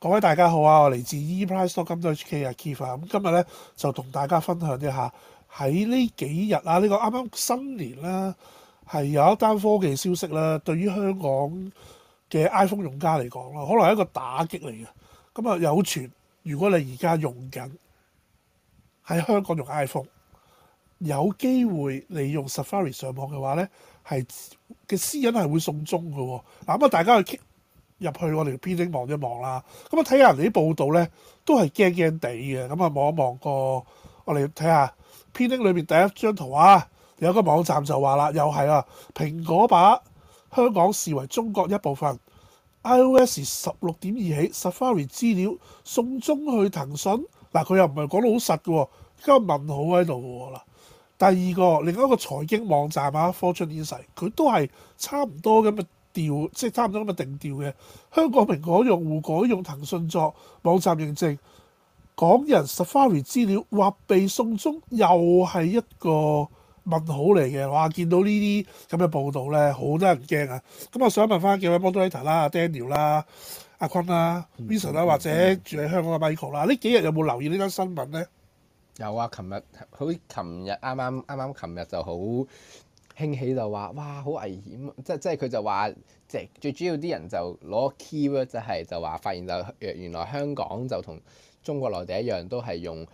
各位大家好啊，我嚟自 ePrice.com.hk 啊，Kifa 咁今日咧就同大家分享一下喺呢幾日啊，呢、這個啱啱新年啦，係有一單科技消息啦，對於香港嘅 iPhone 用家嚟講咯，可能係一個打擊嚟嘅。咁啊有傳，如果你而家用緊喺香港用 iPhone，有機會你用 Safari 上網嘅話咧。係嘅私隱係會送中嘅喎、哦，嗱咁啊大家去入去我哋 Pinned 望一望啦，咁啊睇下人哋啲報道咧都係驚驚地嘅。咁啊望一望個我哋睇下 Pinned 裏面第一張圖啊，有一個網站就話啦，又係啦、啊，蘋果把香港視為中國一部分，iOS 十六點二起 Safari 資料送中去騰訊，嗱、啊、佢又唔係講到好實嘅，家問號喺度嘅啦。第二個，另外一個財經網站啊 Fortune Insight 佢都係差唔多咁嘅調，即、就、係、是、差唔多咁嘅定調嘅。香港蘋果用，香港用戶改用騰訊作網站認證，港人 Safari 資料或被送中，又係一個問號嚟嘅。哇！見到呢啲咁嘅報道咧，好多人驚啊！咁、嗯嗯嗯、我想問翻幾位 Moderator 啦、啊、Daniel 啦、啊、阿坤啦、Vincent 啦、啊，或者住喺香港嘅 Michael 啦、啊，呢幾日有冇留意呢單新聞咧？有啊，琴日好似，琴日啱啱啱啱琴日就好興起就話，哇，好危險！即即係佢就話，即，即最主要啲人就攞 key word 就係、是、就話發現就原來香港就同中國內地一樣都係用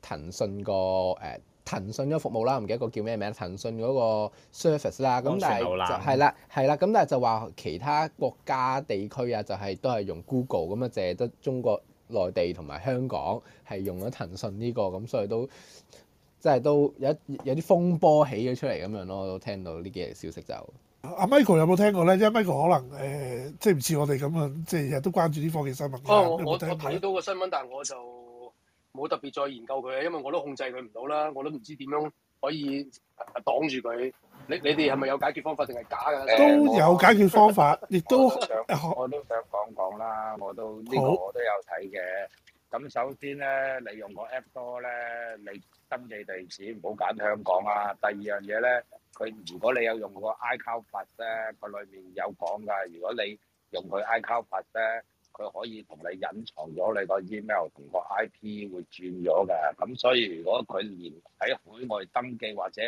騰訊個誒騰訊嘅服務啦，唔記得個叫咩名，騰訊嗰、啊、個 service 啦、啊，咁、嗯、但係就係啦係啦，咁但係就話其他國家地區啊就係都係用 Google 咁啊，就係、是、得中國。內地同埋香港係用咗騰訊呢個，咁所以都即係都有一有啲風波起咗出嚟咁樣咯。我都聽到呢幾日消息，就阿 Michael 有冇聽過咧？因為 Michael 可能誒即係唔似我哋咁樣，即係日日都關注啲科技新聞。我我睇到個新聞，但係我就冇特別再研究佢，因為我都控制佢唔到啦，我都唔知點樣可以擋住佢。你你哋係咪有解決方法定係假嘅？都有解決方法，亦、欸、 都想 我都想講講啦。我都呢 個我都有睇嘅。咁首先咧，你用個 app 多咧，你登記地址唔好揀香港啦、啊。第二樣嘢咧，佢如果你有用個 iCow 法咧，佢裏面有講㗎。如果你用佢 iCow 法咧，佢可以同你隱藏咗你個 email 同個 IP 會轉咗㗎。咁所以如果佢連喺海外登記或者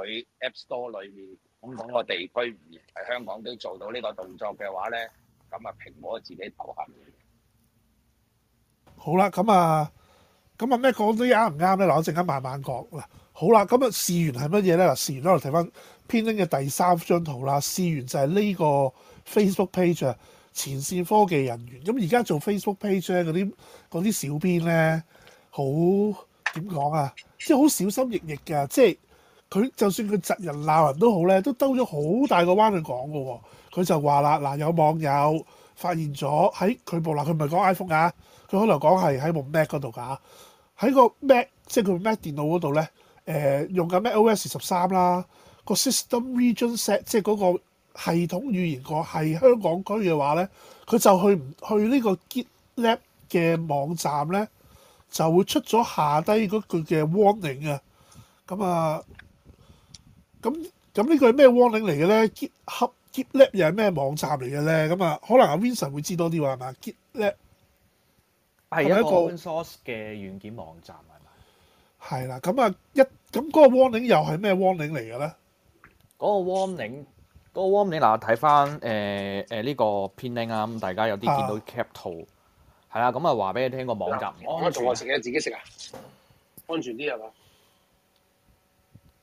佢 App Store 裏面咁，嗰個地區唔係香港都做到呢個動作嘅話咧，咁啊，蘋果自己投下。好啦。咁啊，咁啊咩講都啱唔啱咧？嗱，我陣間慢慢講嗱。好啦，咁啊，事源係乜嘢咧？嗱，事源我哋睇翻 pinned 嘅第三張圖啦。事源就係呢個 Facebook page 前線科技人員咁，而家做 Facebook page 咧嗰啲嗰啲小編咧，好點講啊？即係好小心翼翼嘅，即係。佢就算佢窒人鬧人都好咧，都兜咗好大個彎去講噶、哦。佢就話啦，嗱，有網友發現咗喺佢部，嗱，佢唔係講 iPhone 㗎、啊，佢可能講係喺部 Mac 嗰度㗎。喺個 Mac，即係佢 Mac 電腦嗰度咧，誒、呃、用緊 MacOS 十三啦，個 System Region Set 即係嗰個系統語言個係香港區嘅話咧，佢就去唔去呢個 GitLab 嘅網站咧，就會出咗下低嗰句嘅 warning 啊。咁啊～咁咁呢個係咩 warning 嚟嘅咧？GitHub、GitLab 又係咩網站嚟嘅咧？咁啊，可能阿 Vincent 會知多啲喎，係嘛？GitLab 係一個 open source 嘅軟件網站，係咪？係啦，咁啊一咁嗰個 warning 又係咩 warning 嚟嘅咧？嗰個 warning，嗰個 warning 嗱，睇翻誒誒呢個 pin link 啊，咁大家有啲見到 cap 圖係啦，咁啊話俾你聽、個個網站、啊，我仲學食嘢自己食啊，安全啲係嘛？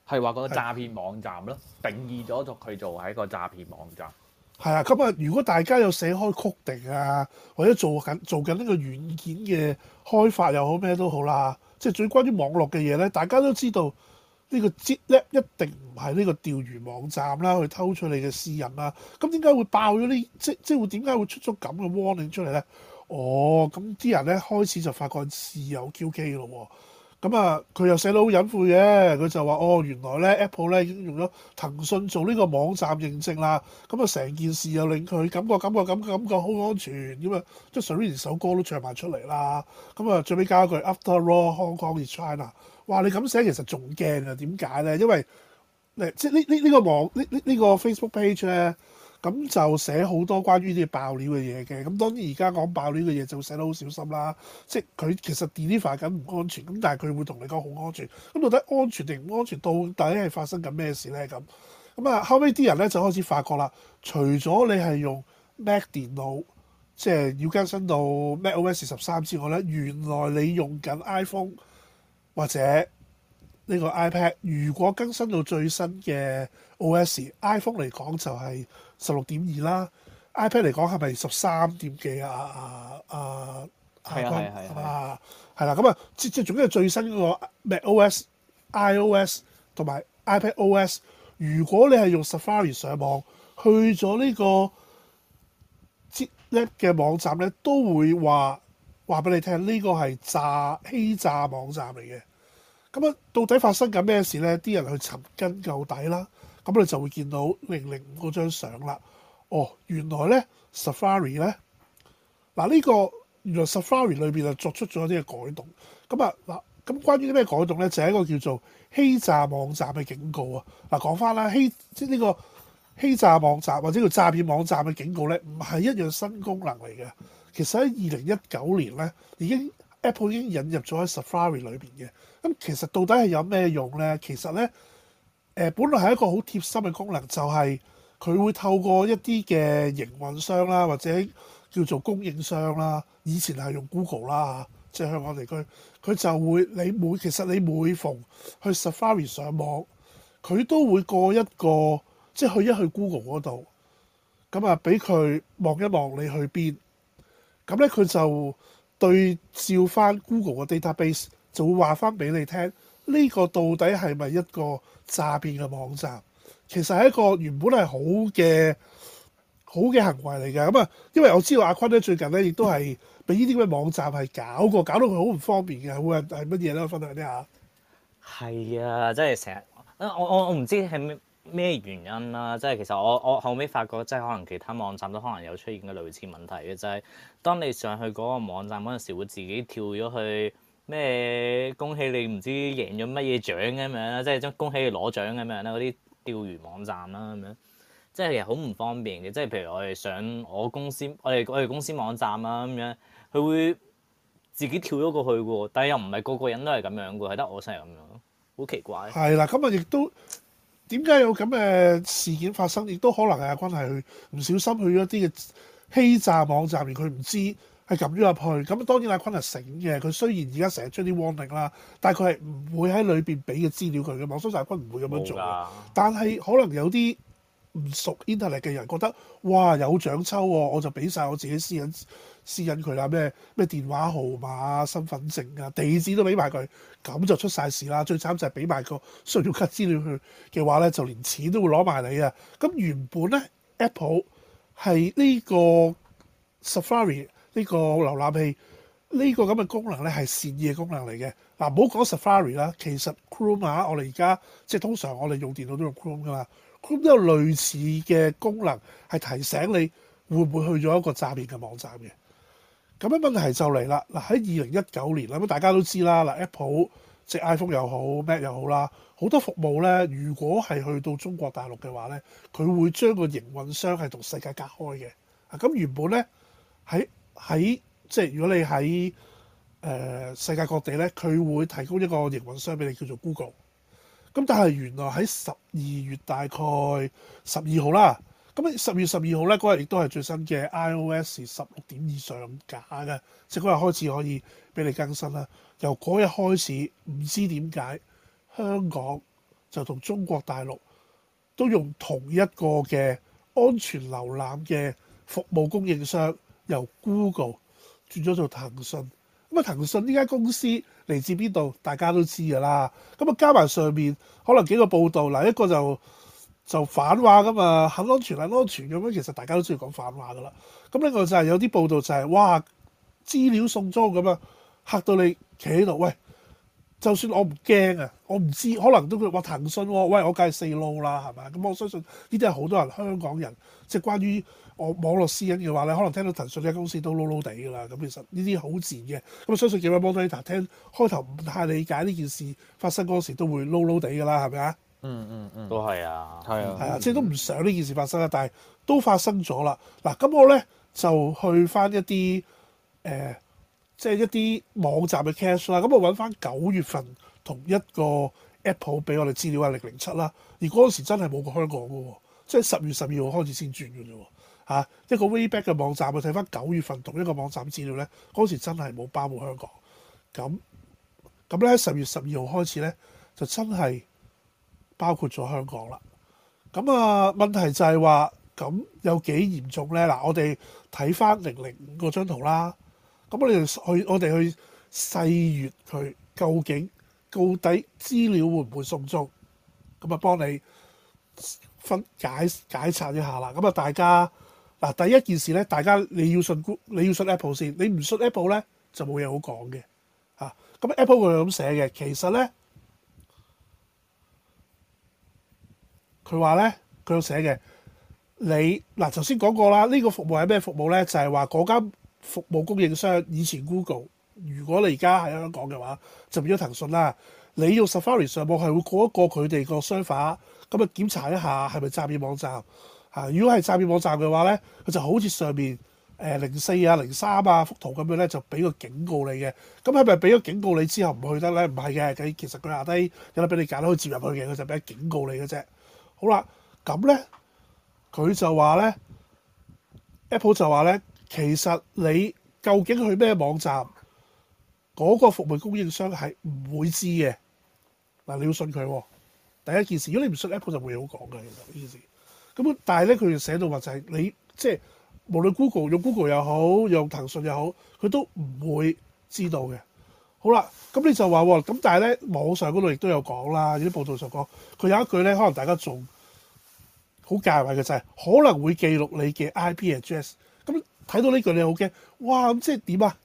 係話個詐騙網站咯，定義咗作佢做係一個詐騙網站。係啊，咁啊，如果大家有寫開 coding 啊，或者做緊做緊呢個軟件嘅開發又好咩都好啦，即係最關於網絡嘅嘢咧，大家都知道呢個 GitLab 一定唔係呢個釣魚網站啦，去偷出你嘅私隱啦。咁點解會爆咗啲？即即會點解會出咗咁嘅 warning 出嚟咧？哦，咁啲人咧開始就發覺事有蹺蹊咯。咁啊，佢、嗯、又寫到好隱晦嘅，佢就話：哦，原來咧 Apple 咧已經用咗騰訊做呢個網站認證啦。咁、嗯、啊，成件事又令佢感覺感覺感覺感覺好安全咁啊，即、嗯、係連首歌都唱埋出嚟啦。咁、嗯、啊，最尾加一句：After all, Hong Kong is China。哇，你咁寫其實仲驚啊？點解咧？因為誒，即係呢呢呢個網、這個、呢呢呢個 Facebook page 咧。咁就寫好多關於啲爆料嘅嘢嘅，咁當然而家講爆料嘅嘢就寫得好小心啦，即係佢其實 delete 化緊唔安全，咁但係佢會同你講好安全。咁到底安全定唔安全？到底係發生緊咩事呢？咁咁啊，後尾啲人咧就開始發覺啦，除咗你係用 Mac 電腦，即係要更新到 Mac OS 十三之外呢，原來你用緊 iPhone 或者呢個 iPad，如果更新到最新嘅 OS，iPhone 嚟講就係。十六點二啦，iPad 嚟講係咪十三點幾啊啊啊？係啊係啊係啊！啦咁啊，接係、 啊、總之最新嗰個 MacOS、iOS 同埋 iPadOS，如果你係用 Safari 上網去咗呢個 Zap 嘅網站咧，都會話話俾你聽呢個係詐欺詐網站嚟嘅。咁、嗯、啊，到底發生緊咩事咧？啲人去尋根究底啦。咁你就會見到零零五嗰張相啦。哦，原來咧 Safari 咧，嗱、這、呢個原來 Safari 裏邊就作出咗一啲嘅改動。咁啊嗱，咁、嗯嗯嗯、關於啲咩改動咧，就係、是、一個叫做欺詐網站嘅警告啊。嗱、嗯，講返啦，欺即係呢個欺詐網站或者叫詐騙網站嘅警告咧，唔係一樣新功能嚟嘅。其實喺二零一九年咧，已經 Apple 已經引入咗喺 Safari 裏邊嘅。咁、嗯、其實到底係有咩用咧？其實咧。本來係一個好貼心嘅功能，就係、是、佢會透過一啲嘅營運商啦，或者叫做供應商啦。以前係用 Google 啦，即係香港地區，佢就會你每其實你每逢去 Safari 上網，佢都會過一個，即、就、係、是、去一去 Google 嗰度，咁啊俾佢望一望你去邊，咁咧佢就對照翻 Google 嘅 database，就會話翻俾你聽。呢個到底係咪一個詐騙嘅網站？其實係一個原本係好嘅好嘅行為嚟嘅。咁啊，因為我知道阿坤咧最近咧亦都係俾呢啲嘅網站係搞過，搞到佢好唔方便嘅。會係乜嘢咧？分享啲下。係啊，即係成日，我我我唔知係咩原因啦。即係其實我我後尾發覺，即係可能其他網站都可能有出現嘅類似問題嘅，就係當你上去嗰個網站嗰陣時，會自己跳咗去。咩恭喜你唔知贏咗乜嘢獎咁樣啦，即係將恭喜你攞獎咁樣啦，嗰啲釣魚網站啦咁樣，即係其實好唔方便嘅。即係譬如我哋上我公司，我哋我哋公司網站啊咁樣，佢會自己跳咗過去嘅喎，但係又唔係個個人都係咁樣嘅喎，係得我真係咁樣，好奇怪。係啦，咁啊亦都點解有咁嘅事件發生？亦都可能阿君係唔小心去咗啲嘅欺詐網站，佢唔知。係撳咗入去，咁當然阿坤係醒嘅。佢雖然而家成日出啲 warning 啦，但係佢係唔會喺裏邊俾嘅資料佢嘅。所以阿坤唔會咁樣做。啊、但係可能有啲唔熟 internet 嘅人覺得，哇，有獎抽喎，哦，我就俾晒我自己私隱私隱佢啦。咩咩電話號碼、身份證啊、地址都俾埋佢，咁就出晒事啦。最慘就係俾埋個信用卡資料佢嘅話咧，就連錢都會攞埋你啊。咁原本咧，Apple 係呢個 Safari。呢個瀏覽器呢、呢個咁嘅功能咧係善意嘅功能嚟嘅嗱，唔好講 Safari 啦，其實 Chrome 啊，我哋而家即係通常我哋用電腦都用 Chrome 噶嘛，Chrome 都有類似嘅功能係提醒你會唔會去咗一個詐騙嘅網站嘅咁樣問題就嚟啦嗱喺二零一九年啦咁，大家都知啦嗱，Apple 即係 iPhone 又好，Mac 又好啦，好多服務咧，如果係去到中國大陸嘅話咧，佢會將個營運商係同世界隔開嘅啊咁原本咧喺喺即係如果你喺誒、呃、世界各地咧，佢會提供一個營運商俾你，叫做 Google。咁但係原來喺十二月大概十二號啦，咁十二月十二號咧嗰日亦都係最新嘅 iOS 十六點以上架嘅，即係嗰日開始可以俾你更新啦。由嗰日開始，唔知點解香港就同中國大陸都用同一個嘅安全瀏覽嘅服務供應商。由 Google 轉咗做騰訊，咁、嗯、啊騰訊呢間公司嚟自邊度？大家都知噶啦。咁、嗯、啊加埋上，上面可能幾個報道嗱，一個就就反話噶嘛，很安全、很安全咁樣。其實大家都中意講反話噶啦。咁、嗯、另外就係、是、有啲報道就係、是、哇資料送中」咁啊，嚇到你企喺度。喂，就算我唔驚啊，我唔知，可能都會話騰訊、啊，喂我梗係四撈啦，係咪？咁、嗯、我相信呢啲係好多人香港人即係、就是、關於。我網絡私隱嘅話咧，可能聽到騰訊呢間公司都嬲嬲地噶啦。咁其實呢啲好賤嘅。咁我相信幾位 Moderator 聽開頭唔太理解呢件事發生嗰時都會嬲嬲地噶啦，係咪啊？嗯嗯嗯，都係啊，係啊，係啊，即係都唔想呢件事發生啊，但係都發生咗啦。嗱、嗯，咁、嗯、我咧就去翻一啲誒，即、呃、係、就是、一啲網站嘅 cash 啦。咁我揾翻九月份同一個 Apple 俾我哋資料啊，零零七啦。而嗰陣時真係冇過香港噶喎，即係十月十二號開始先轉嘅啫。嚇一個 wayback 嘅網站去睇翻九月份同一個網站資料咧，嗰時真係冇包括香港咁咁咧。十月十二號開始咧，就真係包括咗香港啦。咁啊，問題就係話咁有幾嚴重咧嗱？我哋睇翻零零五嗰張圖啦。咁啊，你去我哋去細閲佢，究竟到底資料會唔會送中？咁啊，幫你分解解拆一下啦。咁啊，大家。嗱，第一件事咧，大家你要信 Google，你要信 Apple 先，你唔信 Apple 咧，就冇嘢好講嘅。啊，咁 Apple 佢又咁寫嘅，其實咧，佢話咧，佢有寫嘅，你嗱，頭先講過啦，呢個服務係咩服務咧？就係話嗰間服務供應商以前 Google，如果你而家喺香港嘅話，就變咗騰訊啦。你要 Safari 上網，係會過一過佢哋個商法，咁啊檢查一下係咪詐騙網站。呃、啊！如果係詐騙網站嘅話咧，佢就好似上面誒零四啊、零三啊幅圖咁樣咧，就俾個警告你嘅。咁係咪俾咗警告你之後唔去得咧？唔係嘅，佢其實佢下低有得俾你揀，可以接入去嘅，佢就俾警告你嘅啫。好啦，咁咧佢就話咧，Apple 就話咧，其實你究竟去咩網站，嗰、那個服務供應商係唔會知嘅。嗱，你要信佢喎、哦。第一件事，如果你唔信 Apple 就冇嘢好講嘅。其實呢件事。咁但係咧，佢哋寫到話就係你即係無論 Google 用 Google 又好，用騰訊又好，佢都唔會知道嘅。好啦，咁你就話咁，但係咧，網上嗰度亦都有講啦，有啲報道上講佢有一句咧，可能大家仲好介懷嘅就係、是、可能會記錄你嘅 IP address。咁、嗯、睇到呢句你好驚哇！咁即係點啊？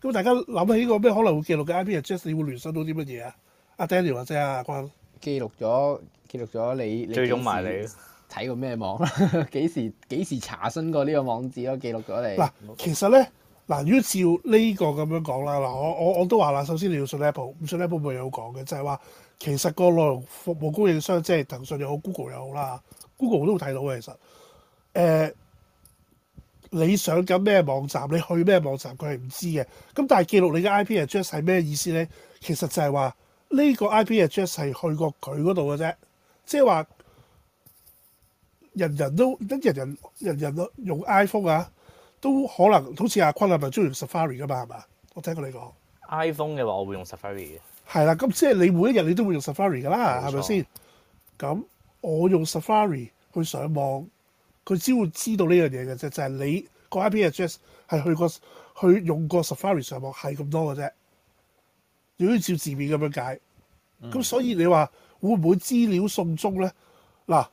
咁大家諗起個咩可能會記錄嘅 IP address，你會聯想到啲乜嘢啊？阿 Daniel 或者阿關記錄咗記錄咗你，追蹤埋你。 睇過咩網？幾 時幾時查詢過呢個網址咯？都記錄咗你？嗱，其實咧嗱，如果照呢個咁樣講啦，嗱，我我我都話啦，首先你要信 Apple，唔信 Apple 冇嘢好講嘅，就係話其實個內容服務供應商，即係騰訊又好，Google 又好啦，Google 都會睇到嘅。其實誒、呃，你上緊咩網站，你去咩網站，佢係唔知嘅。咁但係記錄你嘅 IP address 係咩意思咧？其實就係話呢個 IP address 係去過佢嗰度嘅啫，即係話。人，人人都一人人人人都用 iPhone 啊，都可能好似阿坤啊，咪鍾意用 Safari 噶嘛，係嘛？我聽過你講 iPhone 嘅話，我會用 Safari 嘅。係啦，咁即係你每一日你都會用 Safari 噶啦，係咪先？咁我用 Safari 去上網，佢只會知道呢樣嘢嘅啫，就係、是、你個 IP address 係去過去用過 Safari 上網係咁多嘅啫。如果照字面咁樣解，咁、嗯、所以你話會唔會資料送中咧？嗱。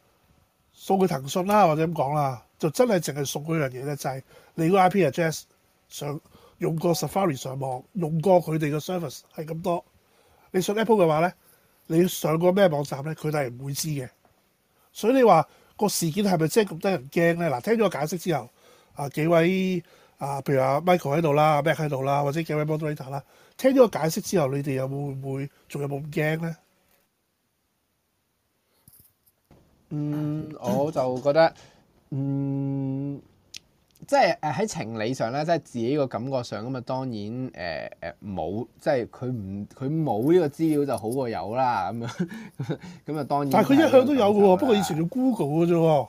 送佢騰訊啦，或者咁講啦，就真係淨係送嗰樣嘢咧，就係、是、你個 IP address 上用過 Safari 上網，用過佢哋個 service 係咁多。你上 Apple 嘅話咧，你上過咩網站咧，佢哋係唔會知嘅。所以你話個事件係咪真係咁得人驚咧？嗱，聽咗個解釋之後，啊幾位啊，譬如阿 Michael 喺度啦，Mac 喺度啦，或者幾位 Moderator 啦，聽咗個解釋之後，你哋有冇會仲有冇咁驚咧？嗯，我就覺得，嗯，即係誒喺情理上咧，即係自己個感覺上咁啊，當然，誒誒冇，即係佢唔佢冇呢個資料就好過有啦，咁樣，咁啊當然。但係佢一向都有嘅喎，不過以前叫 Google 嘅啫喎。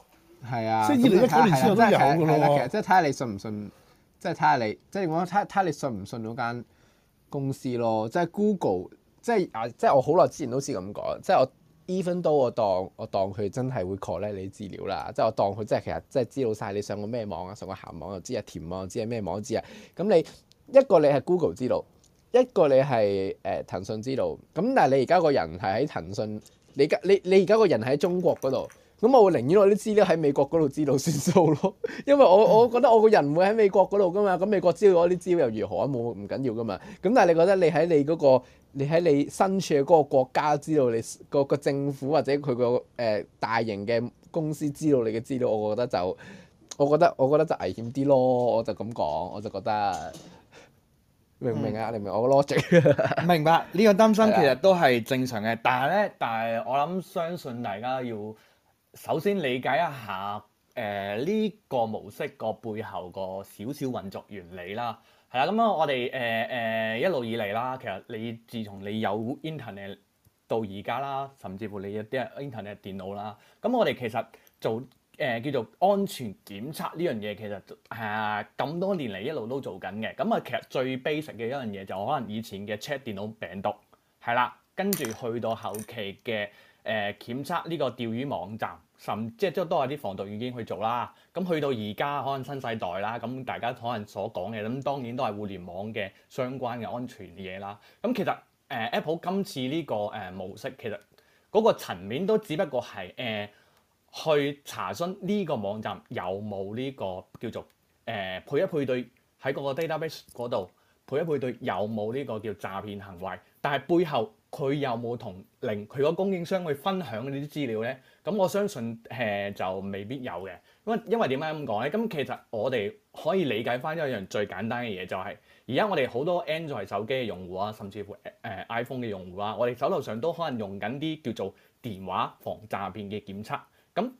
係啊，即係二零一九年之後都有嘅啦。其實即係睇下你信唔信，即係睇下你，即係我睇睇你信唔信嗰間公司咯。即係 Google，即係啊，即係我好耐之前都試咁講，即係我。even 都我當我當佢真係會 collect 你資料啦，即係我當佢真係其實即係知道晒你上過咩網啊，上過咸網又知啊，甜網又知啊，咩網知啊，咁你一個你係 Google 知道，一個你係誒騰訊知道，咁但係你而家個人係喺騰訊，你而你而家個人喺中國嗰度，咁我會寧願我啲資料喺美國嗰度知道算數咯，因為我、嗯、我覺得我個人唔會喺美國嗰度㗎嘛，咁美國知道我啲資料又如何啊？冇唔緊要㗎嘛，咁但係你覺得你喺你嗰、嗰個？你喺你身處嘅嗰個國家知道你個個政府或者佢個誒大型嘅公司知道你嘅資料，我覺得就我覺得我覺得就危險啲咯。我就咁講，我就覺得明唔明啊？嗯、你明我個 logic？明白呢、呢個擔心其實都係正常嘅的，但係咧，但係我諗相信大家要首先理解一下誒呢、呃呢個模式個背後個少少運作原理啦。係啦，咁啊，我哋誒誒一路以嚟啦，其實你自從你有 Internet 到而家啦，甚至乎你有啲人 Internet 電腦啦，咁我哋其實做誒叫做安全檢測呢樣嘢，其實係咁多年嚟一路都做緊嘅。咁啊，其實最 basic 嘅一樣嘢就可能以前嘅 check 電腦病毒係啦，跟住去到後期嘅誒檢測呢個釣魚網站。甚即係都多係啲防毒軟件去做啦。咁去到而家可能新世代啦，咁大家可能所講嘅，咁當然都係互聯網嘅相關嘅安全嘢啦。咁其實誒、呃、Apple 今次呢、這個誒、呃、模式，其實嗰個層面都只不過係誒、呃、去查詢呢個網站有冇呢、這個叫做誒、呃、配一配對喺嗰個 database 嗰度配一配對有冇呢個叫詐騙行為。但係背後佢有冇同零佢個供應商去分享呢啲資料呢？咁我相信誒就未必有嘅。因為因為點解咁講呢？咁其實我哋可以理解翻一樣最簡單嘅嘢、就是，就係而家我哋好多 Android 手機嘅用戶啊，甚至乎誒、呃、iPhone 嘅用戶啊，我哋手路上都可能用緊啲叫做電話防詐騙嘅檢測。咁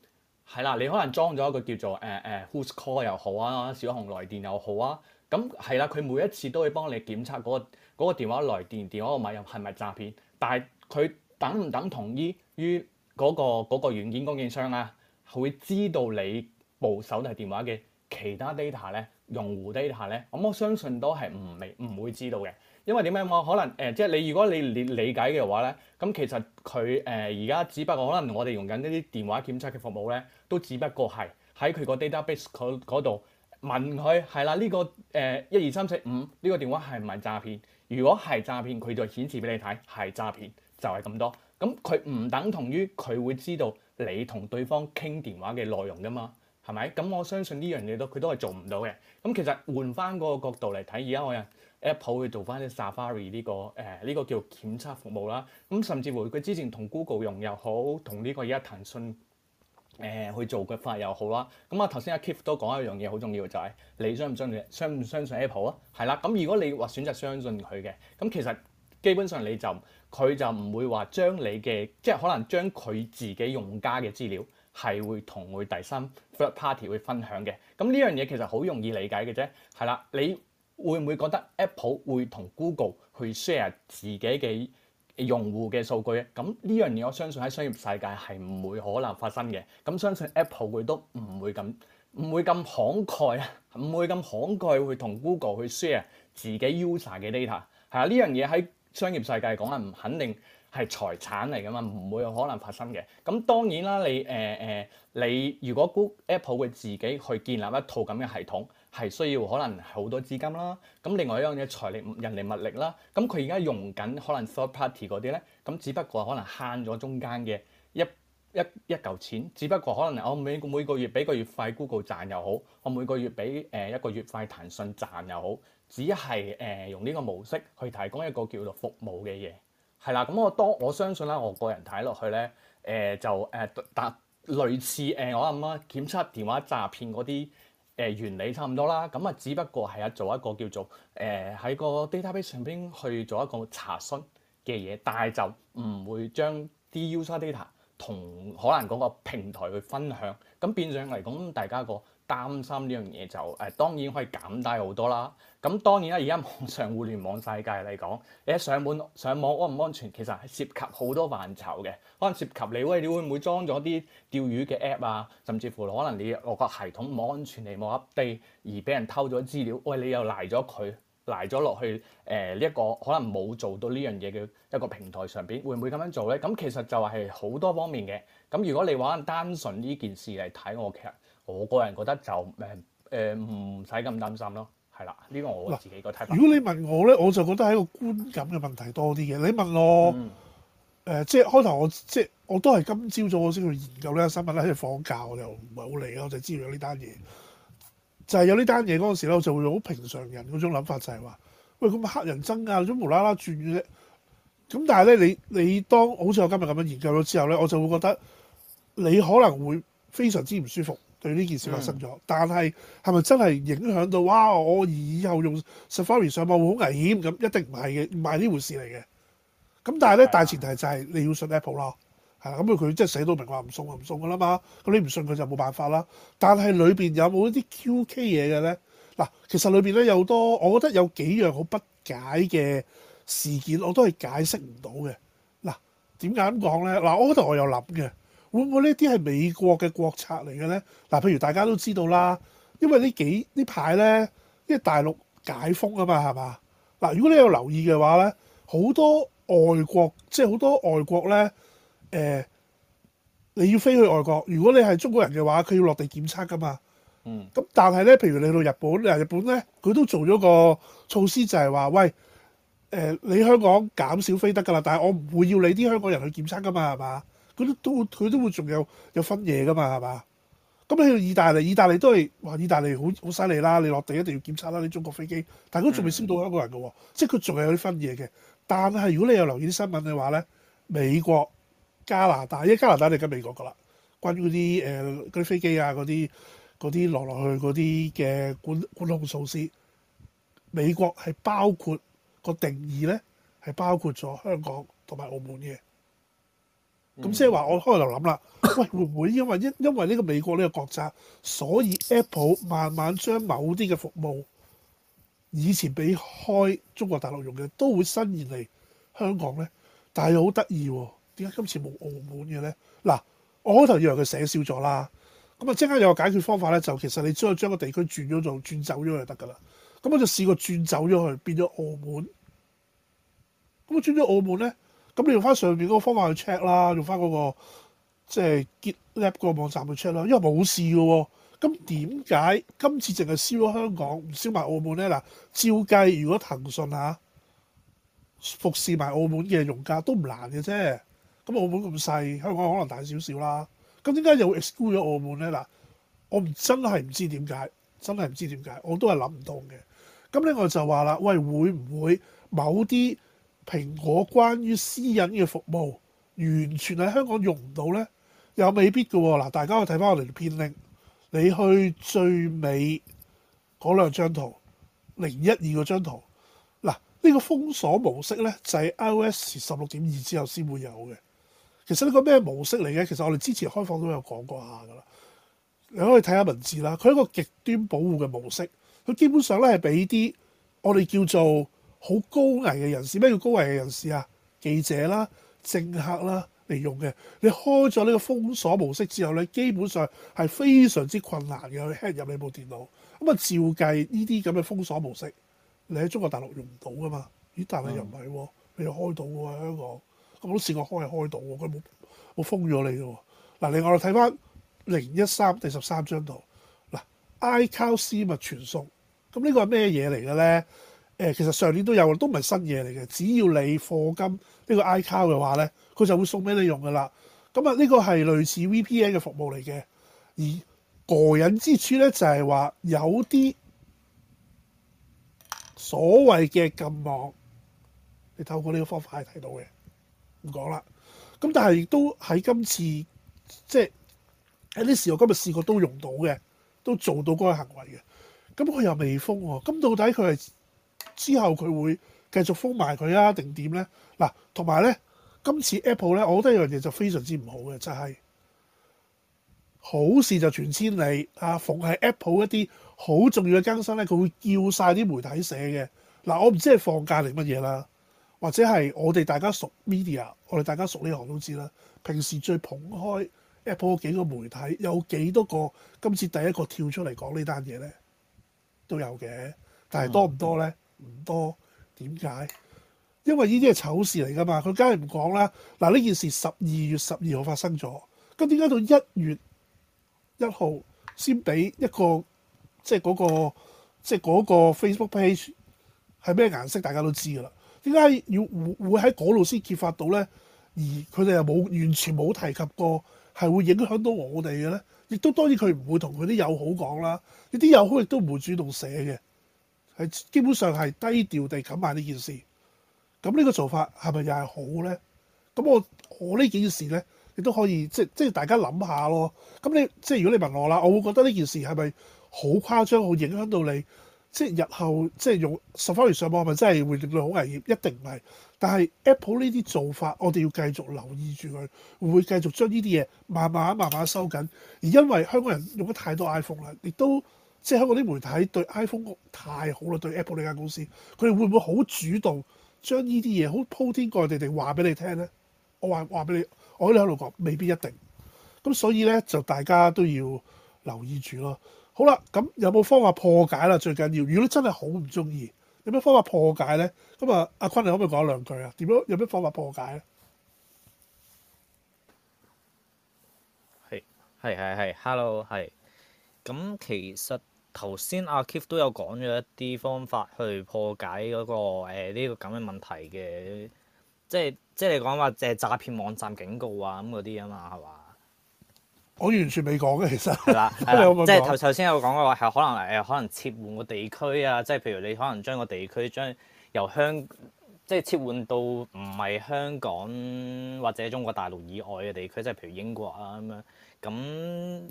係啦，你可能裝咗一個叫做誒誒、呃呃、Who’s Call 又好啊，小紅來電又好啊，咁係啦，佢每一次都會幫你檢測嗰、那個。嗰個電話來電電話號碼又係咪詐騙？但係佢等唔等同於嗰、那個嗰、那個軟件供應商啊，係會知道你部手提電話嘅其他 data 咧、用戶 data 咧？咁我相信都係唔未唔會知道嘅，因為點解？我可能誒、呃，即係你如果你理理解嘅話咧，咁其實佢誒而家只不過可能我哋用緊呢啲電話檢測嘅服務咧，都只不過係喺佢個 database 嗰度問佢係啦，呢、這個誒一二三四五呢個電話係唔係詐騙？如果係詐騙，佢就顯示俾你睇係詐騙，就係、是、咁多。咁佢唔等同於佢會知道你同對方傾電話嘅內容㗎嘛？係咪？咁我相信呢樣嘢都佢都係做唔到嘅。咁其實換翻嗰個角度嚟睇，而家我哋 Apple 去做翻啲 Safari 呢、這個誒呢、呃這個叫檢測服務啦。咁甚至乎佢之前同 Google 用又好，同呢個而家騰訊。誒、呃、去做嘅方法又好啦，咁啊頭先阿 Keith 都講一樣嘢好重要，就係、是、你相唔相信？相唔相信 Apple 啊？係啦，咁如果你話選擇相信佢嘅，咁其實基本上你就佢就唔會話將你嘅，即係可能將佢自己用家嘅資料係會同佢第三 third party 會分享嘅。咁呢樣嘢其實好容易理解嘅啫，係啦，你會唔會覺得 Apple 會同 Google 去 share 自己嘅？用戶嘅數據，咁呢樣嘢我相信喺商業世界係唔會可能發生嘅。咁相信 Apple 佢都唔會咁唔會咁慷慨啊，唔會咁慷慨去同 Google 去 share 自己 user 嘅 data。係啊，呢樣嘢喺商業世界講啊，唔肯定係財產嚟噶嘛，唔會有可能發生嘅。咁當然啦，你誒誒、呃，你如果 Goo Apple 佢自己去建立一套咁嘅系統。係需要可能好多資金啦，咁另外一樣嘢，財力、人力、物力啦，咁佢而家用緊可能 third party 嗰啲咧，咁只不過可能慳咗中間嘅一一一嚿錢，只不過可能我每每個月俾個月費 Google 賺又好，我每個月俾誒、呃、一個月費騰訊賺又好，只係誒、呃、用呢個模式去提供一個叫做服務嘅嘢，係啦，咁我多我相信啦、啊，我個人睇落去咧，誒、呃、就誒達、呃、類似誒、呃、我諗檢測電話詐騙嗰啲。誒原理差唔多啦，咁啊，只不過係啊，做一個叫做誒，喺、呃、個 database 上邊去做一個查詢嘅嘢，但係就唔會將啲 user data 同可能嗰個平台去分享，咁變相嚟講大家個。擔心呢樣嘢就誒，當然可以減低好多啦。咁當然啦，而家網上互聯網世界嚟講，你上網上網安唔安全，其實係涉及好多範疇嘅，可能涉及你喂，你會唔會裝咗啲釣魚嘅 app 啊，甚至乎可能你個系統冇安全你冇 update，而俾人偷咗資料。喂，你又賴咗佢賴咗落去誒呢一個可能冇做到呢樣嘢嘅一個平台上邊，會唔會咁樣做咧？咁其實就係好多方面嘅。咁如果你話單純呢件事嚟睇，我其實～我個人覺得就誒誒唔使咁擔心咯，係啦。呢個我自己個睇法。如果你問我咧，我就覺得係一個觀感嘅問題多啲嘅。你問我誒，即係開頭我即係我都係今朝早我先去研究呢個新聞咧，喺度放假，我就唔係好理咯，就知咗呢單嘢。就係有呢單嘢嗰陣時咧，我就會好平常人嗰種諗法，就係話喂，咁黑人憎啊，咁無啦啦轉嘅啫。咁但係咧，你你當好似我今日咁樣研究咗之後咧，我就會覺得你可能會非常之唔舒服。對呢件事發生咗，嗯、但係係咪真係影響到哇？我以後用 Safari 上網會好危險咁，一定唔係嘅，唔係呢回事嚟嘅。咁但係咧，的大前提就係、是、你要信 Apple 啦，係啦，咁、嗯、佢即係寫到明話唔送啊，唔送噶啦嘛。咁你唔信佢就冇辦法啦。但係裏邊有冇一啲 QK 嘢嘅咧？嗱，其實裏邊咧有多，我覺得有幾樣好不解嘅事件，我都係解釋唔到嘅。嗱，點解咁講咧？嗱，我嗰度我有諗嘅。會唔會呢啲係美國嘅國策嚟嘅咧？嗱，譬如大家都知道啦，因為幾呢幾呢排咧，因為大陸解封㗎嘛，係嘛？嗱，如果你有留意嘅話咧，好多外國即係好多外國咧，誒、欸，你要飛去外國，如果你係中國人嘅話，佢要落地檢測㗎嘛。嗯。咁但係咧，譬如你去到日本，日本咧佢都做咗個措施就，就係話喂，誒、欸，你香港減少飛得㗎啦，但係我唔會要你啲香港人去檢測㗎嘛，係嘛？佢都會，佢都會仲有有分嘢噶嘛，係嘛？咁你去意大利，意大利都係話意大利好好犀利啦！你落地一定要檢測啦，你中國飛機。但係佢仲未升到香港人嘅喎、哦，即係佢仲係有啲分嘢嘅。但係如果你有留意啲新聞嘅話咧，美國、加拿大，因為加拿大你跟美國噶啦，關於嗰啲誒啲飛機啊，嗰啲啲落落去嗰啲嘅管管控措施，美國係包括、個定義咧，係包括咗香港同埋澳門嘅。咁即係話， 嗯、我開頭諗啦，喂，會唔會因為因因為呢個美國呢個國債，所以 Apple 慢慢將某啲嘅服務以前俾開中國大陸用嘅，都會伸延嚟香港咧？但係又好得意喎，點解今次冇澳門嘅咧？嗱，我開頭以為佢寫少咗啦，咁啊，即刻有個解決方法咧，就其實你將將個地區轉咗就轉走咗就得㗎啦。咁我就試過轉走咗去，變咗澳門。咁啊，轉咗澳門咧。咁你用翻上面嗰個方法去 check 啦，用翻嗰、那個即係、就是、GitLab 個網站去 check 啦，因為冇事嘅喎、哦。咁點解今次淨係燒咗香港，唔燒埋澳門咧？嗱，照計如果騰訊嚇、啊、服侍埋澳門嘅用家都唔難嘅啫。咁澳門咁細，香港可能大少少啦。咁點解又會 exclude 咗澳門咧？嗱，我唔真係唔知點解，真係唔知點解，我都係諗唔到嘅。咁咧我就話啦，喂，會唔會某啲？蘋果關於私隱嘅服務完全喺香港用唔到呢，又未必嘅喎嗱。大家去睇翻我哋嘅 pin link，你去最尾嗰兩張圖零一二嗰張圖，嗱呢個封鎖模式呢，就係 iOS 十六點二之後先會有嘅。其實呢個咩模式嚟嘅？其實我哋之前開放都有講過下㗎啦。你可以睇下文字啦，佢係一個極端保護嘅模式，佢基本上呢，係俾啲我哋叫做。好高危嘅人士，咩叫高危嘅人士啊？記者啦、政客啦嚟用嘅。你開咗呢個封鎖模式之後咧，基本上係非常之困難嘅去 hack 入你部電腦。咁啊，照計呢啲咁嘅封鎖模式，你喺中國大陸用唔到噶嘛？咦，但係又唔係喎，你又開到喎香港。咁我都試過開，開到喎，佢冇冇封咗你㗎喎。嗱，另外我睇翻零一三第十三張圖，嗱，iCloud 私密傳送，咁呢個係咩嘢嚟嘅咧？誒，其實上年都有，都唔係新嘢嚟嘅。只要你課金呢、這個 IC 卡嘅話咧，佢就會送俾你用㗎啦。咁、嗯、啊，呢、這個係類似 VPN 嘅服務嚟嘅。而過癮之處咧，就係、是、話有啲所謂嘅禁網，你透過呢個方法係睇到嘅，唔講啦。咁、嗯、但係亦都喺今次，即係喺啲事我今日試過都用到嘅，都做到嗰個行為嘅。咁、嗯、佢又未封喎，咁、嗯、到底佢係？之後佢會繼續封埋佢啊，定點呢？嗱，同埋呢，今次 Apple 呢，我覺得一樣嘢就非常之唔好嘅，就係、是、好事就傳千里。啊，逢係 Apple 一啲好重要嘅更新呢，佢會叫晒啲媒體寫嘅。嗱、啊，我唔知係放假定乜嘢啦，或者係我哋大家熟 media，我哋大家熟呢行都知啦。平時最捧開 Apple 幾個媒體，有幾多個今次第一個跳出嚟講呢單嘢呢，都有嘅，但係多唔多呢？嗯唔多，點解？因為呢啲係醜事嚟噶嘛，佢梗係唔講啦。嗱、啊、呢件事十二月十二號發生咗，咁點解到一月一號先俾一個即係嗰個即係嗰個 Facebook page 係咩顏色？大家都知噶啦。點解要會喺嗰度先揭發到呢？而佢哋又冇完全冇提及過係會影響到我哋嘅呢？亦都當然佢唔會同佢啲友好講啦。啲友好亦都唔會主動寫嘅。基本上係低調地講埋呢件事，咁呢個做法係咪又係好呢？咁我我呢件事呢，你都可以即即大家諗下咯。咁你即如果你問我啦，我會覺得呢件事係咪好誇張，好影響到你即日後即用十方源上網，係咪真係會令到好危險？一定唔係。但係 Apple 呢啲做法，我哋要繼續留意住佢，會唔會繼續將呢啲嘢慢慢慢慢收緊？而因為香港人用得太多 iPhone 啦，亦都。即係香港啲媒體對 iPhone 太好啦，對 Apple 呢間公司，佢哋會唔會好主動將呢啲嘢好鋪天蓋地地話俾你聽咧？我話話俾你，我喺你喺度講，未必一定。咁所以咧，就大家都要留意住咯。好啦，咁有冇方法破解啦？最緊要，如果你真係好唔中意，有咩方法破解咧？咁啊，阿坤你可唔可以講兩句啊？點樣有咩方法破解咧？係係係係，hello，係。咁其實。頭先阿 Kip 都有講咗一啲方法去破解嗰、那個呢、呃這個咁嘅、這個、問題嘅，即係即係你講話誒詐騙網站警告啊咁嗰啲啊嘛，係嘛？我完全未講嘅，其實係 即係頭頭先有講嘅話係可能誒、呃、可能切換個地區啊，即係譬如你可能將個地區將由香即係切換到唔係香港或者中國大陸以外嘅地區，即係譬如英國啊咁樣咁。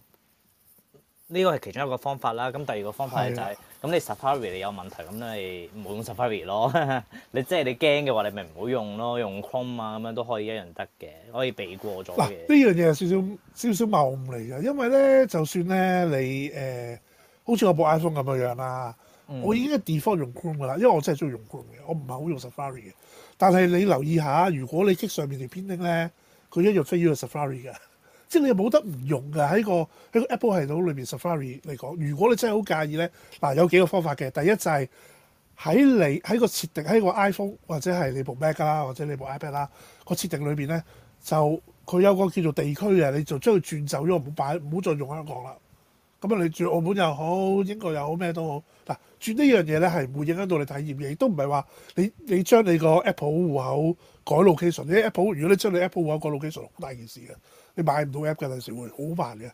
呢個係其中一個方法啦，咁第二個方法咧就係，咁你 Safari 你有問題，咁你唔好用 Safari 咯。 你即係你驚嘅話，你咪唔好用咯，用 Chrome 啊咁樣都可以一樣得嘅，可以避過咗嘅。呢樣嘢係少少少少謬誤嚟嘅，因為咧，就算咧你誒、呃，好似我部 iPhone 咁嘅樣啦，嗯、我已經 default 用 Chrome 噶啦，因為我真係中意用 Chrome 嘅，我唔係好用 Safari 嘅。但係你留意下，如果你 click 上面條 pinned link 咧，佢一樣飛咗 Safari 噶。即係你冇得唔用㗎喺個喺個 Apple 系統裏邊 Safari 嚟講，如果你真係好介意咧，嗱有幾個方法嘅。第一就係喺你喺個設定喺個 iPhone 或者係你部 Mac 啦，或者你部 iPad 啦個設定裏邊咧，就佢有個叫做地區嘅，你就將佢轉走咗，唔擺唔好再用香港啦。咁啊，你轉澳門又好，英國又好，咩都好。嗱轉呢樣嘢咧係唔會影響到你體驗嘅，亦都唔係話你你將你個 Apple 戶口改 location。Apple 如果你將你 Apple 戶口改 location，好大件事嘅。你買唔到 app 嘅，有時會好煩嘅。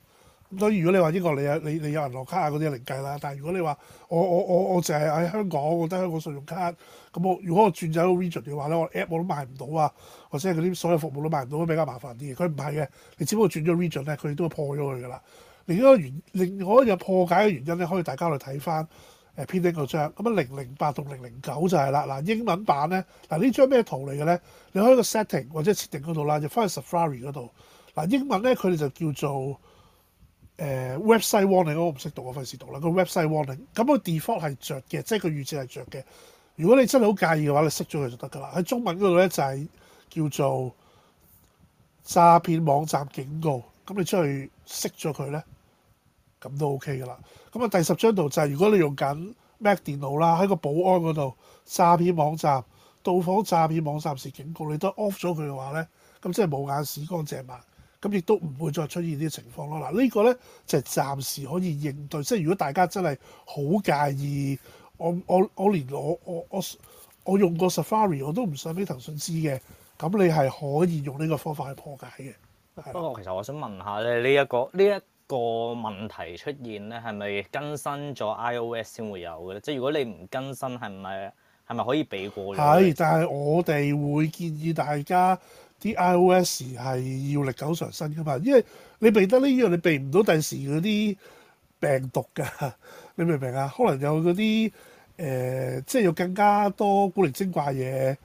咁所以如果你話英國你有你你有人落 c 啊嗰啲零計啦，但係如果你話我我我我就係喺香港，我得香港信用卡，咁我如果我轉咗個 region 嘅話咧，我 app 我都賣唔到啊，或者係嗰啲所有服務都賣唔到，都比較麻煩啲。佢唔係嘅，你只不過轉咗個 region 咧，佢都破咗佢噶啦。另一個原另外一個破解嘅原因咧，可以大家去睇翻誒編訂個章咁啊。零零八同零零九就係啦。嗱，英文版咧，嗱呢張咩、啊、圖嚟嘅咧？你可以個 setting 或者設定嗰度啦，就翻去 Safari 嗰度。嗱，英文咧佢哋就叫做誒 website、呃、warning，我唔識讀，我費事讀啦。個 website warning 咁個 default 係着嘅，即係個預置係着嘅。如果你真係好介意嘅話，你熄咗佢就得㗎啦。喺中文嗰度咧就係叫做詐騙網站警告。咁你出去熄咗佢咧，咁都 OK 㗎啦。咁啊，第十張圖就係、是、如果你用緊 Mac 電腦啦，喺個保安嗰度詐騙網站、到訪詐騙網站時警告，你都 off 咗佢嘅話咧，咁即係冇眼屎乾淨嘛。咁亦都唔會再出現況、這個、呢啲情況咯。嗱，呢個咧就暫、係、時可以應對。即係如果大家真係好介意，我我我連我我我我用過 Safari 我都唔想俾騰訊知嘅，咁你係可以用呢個方法去破解嘅。不過其實我想問下咧，呢一個呢一、這個問題出現咧，係咪更新咗 iOS 先會有嘅咧？即係如果你唔更新，係咪係咪可以避過？係，但係我哋會建議大家。啲 iOS 係要歷久常新㗎嘛，因為你避得呢樣，你避唔到第時嗰啲病毒㗎，你明唔明啊？可能有嗰啲誒，即係有更加多古靈精怪嘢，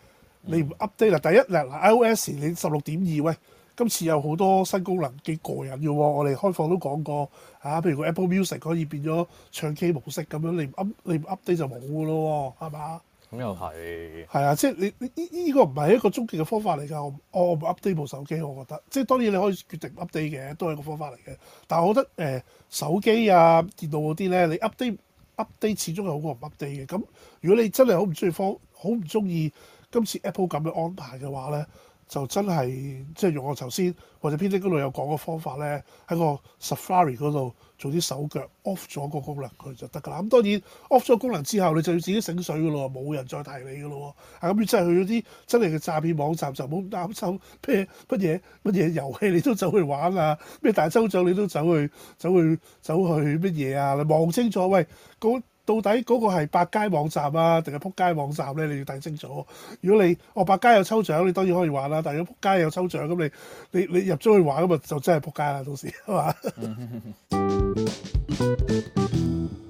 你唔 update 嗱，第一嗱 iOS 你十六點二，喂，今次有好多新功能幾過癮嘅喎，我哋開放都講過嚇，譬、啊、如個 Apple Music 可以變咗唱 K 模式，咁樣你 up，你 up、哦，你唔 update 你唔 update 就冇㗎咯喎，係嘛？咁又係係啊，即係你你依依、呢個唔係一個終極嘅方法嚟㗎。我我唔 update 部手機，我覺得即係當然你可以決定 update 嘅，都係一個方法嚟嘅。但係我覺得誒、呃、手機啊、電腦嗰啲咧，你 update update 始終係好過唔 update 嘅。咁如果你真係好唔中意方好唔中意今次 Apple 咁樣安排嘅話咧，就真係即係用我頭先或者 Pin Link 嗰度有講嘅方法咧，喺個 Safari 嗰度做啲手腳 off 咗個功能佢就得㗎啦。咁當然 off 咗功能之後，你就要自己醒水㗎咯，冇人再提你㗎咯。啊，咁要真係去咗啲真係嘅詐騙網站就冇擔心咩乜嘢乜嘢遊戲你都走去玩啊，咩大抽獎你都走去走去走去乜嘢啊？你望清楚喂，嗰到底嗰個係百佳網站啊，定係撲街網站呢？你要睇清楚。如果你哦百佳有抽獎，你當然可以玩啦，啊。但係如果撲街有抽獎咁，你你你入咗去玩咁咪，就真係撲街啦，到時係嘛？